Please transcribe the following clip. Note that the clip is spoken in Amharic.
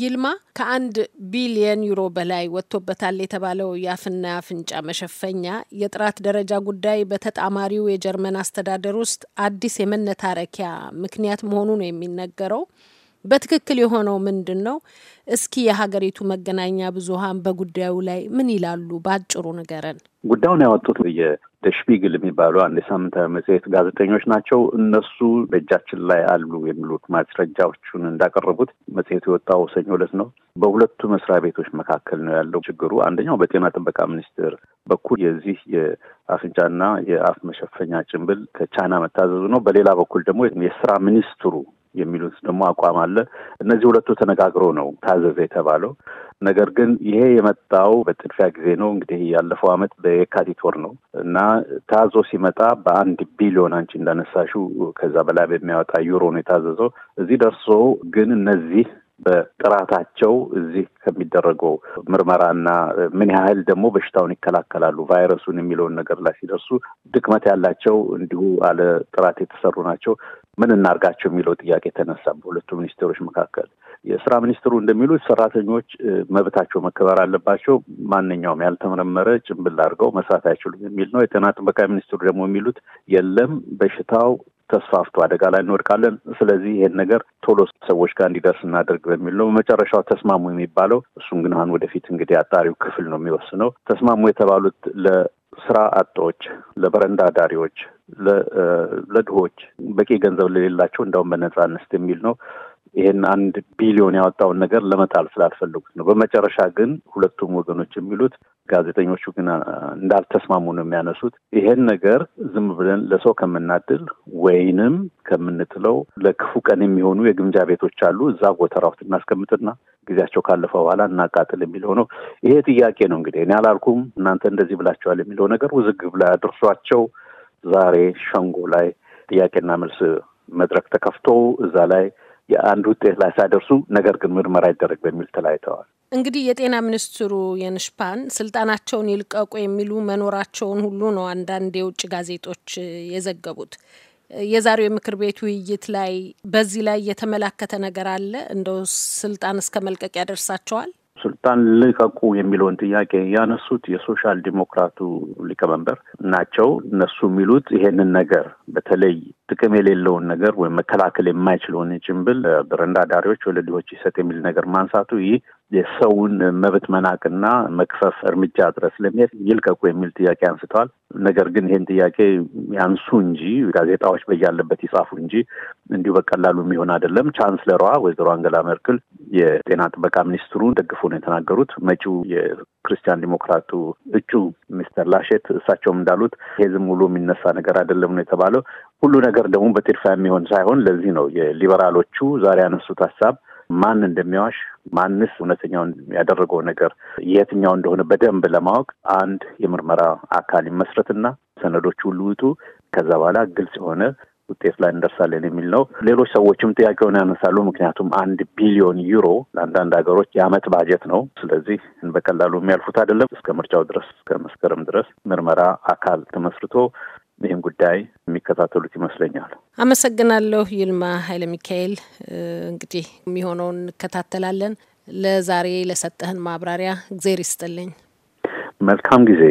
ይልማ ከአንድ ቢሊየን ዩሮ በላይ ወጥቶበታል የተባለው የአፍና አፍንጫ መሸፈኛ የጥራት ደረጃ ጉዳይ በተጣማሪው የጀርመን አስተዳደር ውስጥ አዲስ የመነታረኪያ ምክንያት መሆኑ ነው የሚነገረው። በትክክል የሆነው ምንድን ነው? እስኪ የሀገሪቱ መገናኛ ብዙኃን በጉዳዩ ላይ ምን ይላሉ? በአጭሩ ንገረን። ጉዳዩን ያወጡት ደሽፒግል የሚባሉ አንድ የሳምንታዊ መጽሔት ጋዜጠኞች ናቸው። እነሱ በእጃችን ላይ አሉ የሚሉት ማስረጃዎቹን እንዳቀረቡት መጽሔቱ የወጣው ሰኞ ዕለት ነው። በሁለቱ መስሪያ ቤቶች መካከል ነው ያለው ችግሩ። አንደኛው በጤና ጥበቃ ሚኒስቴር በኩል የዚህ የአፍንጫና የአፍ መሸፈኛ ጭንብል ከቻይና መታዘዙ ነው። በሌላ በኩል ደግሞ የስራ ሚኒስትሩ የሚሉት ደግሞ አቋም አለ። እነዚህ ሁለቱ ተነጋግሮ ነው ታዘዘ የተባለው። ነገር ግን ይሄ የመጣው በጥድፊያ ጊዜ ነው። እንግዲህ ያለፈው ዓመት በየካቲት ወር ነው እና ታዞ ሲመጣ በአንድ ቢሊዮን አንቺ እንዳነሳሹ ከዛ በላይ በሚያወጣ ዩሮ ነው የታዘዘው። እዚህ ደርሶ ግን እነዚህ በጥራታቸው እዚህ ከሚደረገው ምርመራና ምን ያህል ደግሞ በሽታውን ይከላከላሉ ቫይረሱን የሚለውን ነገር ላይ ሲደርሱ ድክመት ያላቸው እንዲሁ አለ ጥራት የተሰሩ ናቸው። ምን እናርጋቸው የሚለው ጥያቄ ተነሳ በሁለቱ ሚኒስቴሮች መካከል። የስራ ሚኒስትሩ እንደሚሉት ሰራተኞች መብታቸው መከበር አለባቸው፣ ማንኛውም ያልተመረመረ ጭንብል አድርገው መስራት አይችሉም የሚል ነው። የጤና ጥበቃ ሚኒስትሩ ደግሞ የሚሉት የለም በሽታው ተስፋፍቶ አደጋ ላይ እንወድቃለን። ስለዚህ ይሄን ነገር ቶሎ ሰዎች ጋር እንዲደርስ እናደርግ በሚል ነው። በመጨረሻው ተስማሙ የሚባለው እሱም ግን አሁን ወደፊት እንግዲህ አጣሪው ክፍል ነው የሚወስነው። ተስማሙ የተባሉት ለስራ አጦች፣ ለበረንዳ ዳሪዎች፣ ለድሆች በቂ ገንዘብ ለሌላቸው እንዳውም በነጻ እንስጥ የሚል ነው። ይህን አንድ ቢሊዮን ያወጣውን ነገር ለመጣል ስላልፈለጉት ነው። በመጨረሻ ግን ሁለቱም ወገኖች የሚሉት ጋዜጠኞቹ ግን እንዳልተስማሙ ነው የሚያነሱት። ይሄን ነገር ዝም ብለን ለሰው ከምናድል ወይንም ከምንጥለው ለክፉ ቀን የሚሆኑ የግምጃ ቤቶች አሉ፣ እዛ ጎተራ ውስጥ እናስቀምጥና ጊዜያቸው ካለፈ በኋላ እናቃጥል የሚለው ነው። ይሄ ጥያቄ ነው እንግዲህ እኔ አላልኩም፣ እናንተ እንደዚህ ብላቸዋል የሚለው ነገር ውዝግብ ላይ አድርሷቸው ዛሬ ሸንጎ ላይ ጥያቄና መልስ መድረክ ተከፍቶ እዛ ላይ የአንድ ውጤት ላይ ሳይደርሱ ነገር ግን ምርመራ ይደረግ በሚል ተለያይተዋል። እንግዲህ የጤና ሚኒስትሩ የንሽፓን ስልጣናቸውን ይልቀቁ የሚሉ መኖራቸውን ሁሉ ነው አንዳንድ የውጭ ጋዜጦች የዘገቡት። የዛሬው የምክር ቤት ውይይት ላይ በዚህ ላይ የተመላከተ ነገር አለ? እንደው ስልጣን እስከ መልቀቅ ያደርሳቸዋል? ስልጣን ልቀቁ የሚለውን ጥያቄ ያነሱት የሶሻል ዲሞክራቱ ሊቀመንበር ናቸው። እነሱ የሚሉት ይሄንን ነገር በተለይ ጥቅም የሌለውን ነገር ወይም መከላከል የማይችለውን ጭንብል በረንዳ ዳሪዎች ወለዲዎች ይሰጥ የሚል ነገር ማንሳቱ ይህ የሰውን መብት መናቅና መክፈፍ እርምጃ ድረስ ለመሄድ ይልቀቁ የሚል ጥያቄ አንስተዋል። ነገር ግን ይህን ጥያቄ ያንሱ እንጂ ጋዜጣዎች በያለበት ይጻፉ እንጂ እንዲሁ በቀላሉ የሚሆን አይደለም። ቻንስለሯ ወይዘሮ አንገላ መርክል የጤና ጥበቃ ሚኒስትሩን ደግፎ ነው የተናገሩት። መጪው የክርስቲያን ዲሞክራቱ እጩ ሚስተር ላሼት እሳቸውም እንዳሉት ይሄ ዝም ብሎ የሚነሳ ነገር አይደለም ነው የተባለው። ሁሉ ነገር ደግሞ በጤድፋ የሚሆን ሳይሆን ለዚህ ነው የሊበራሎቹ ዛሬ ያነሱት ሀሳብ ማን እንደሚዋሽ ማንስ እውነተኛውን ያደረገው ነገር የትኛው እንደሆነ በደንብ ለማወቅ አንድ የምርመራ አካል ይመስረትና ሰነዶች ሁሉ ይውጡ። ከዛ በኋላ ግልጽ የሆነ ውጤት ላይ እንደርሳለን የሚል ነው። ሌሎች ሰዎችም ጥያቄውን ያነሳሉ። ምክንያቱም አንድ ቢሊዮን ዩሮ ለአንዳንድ ሀገሮች የአመት ባጀት ነው። ስለዚህ በቀላሉ የሚያልፉት አይደለም። እስከ ምርጫው ድረስ እስከ መስከረም ድረስ ምርመራ አካል ተመስርቶ ይህን ጉዳይ የሚከታተሉት ይመስለኛል። አመሰግናለሁ ይልማ ኃይለ ሚካኤል። እንግዲህ የሚሆነውን እንከታተላለን። ለዛሬ ለሰጠህን ማብራሪያ እግዜር ይስጥልኝ። መልካም ጊዜ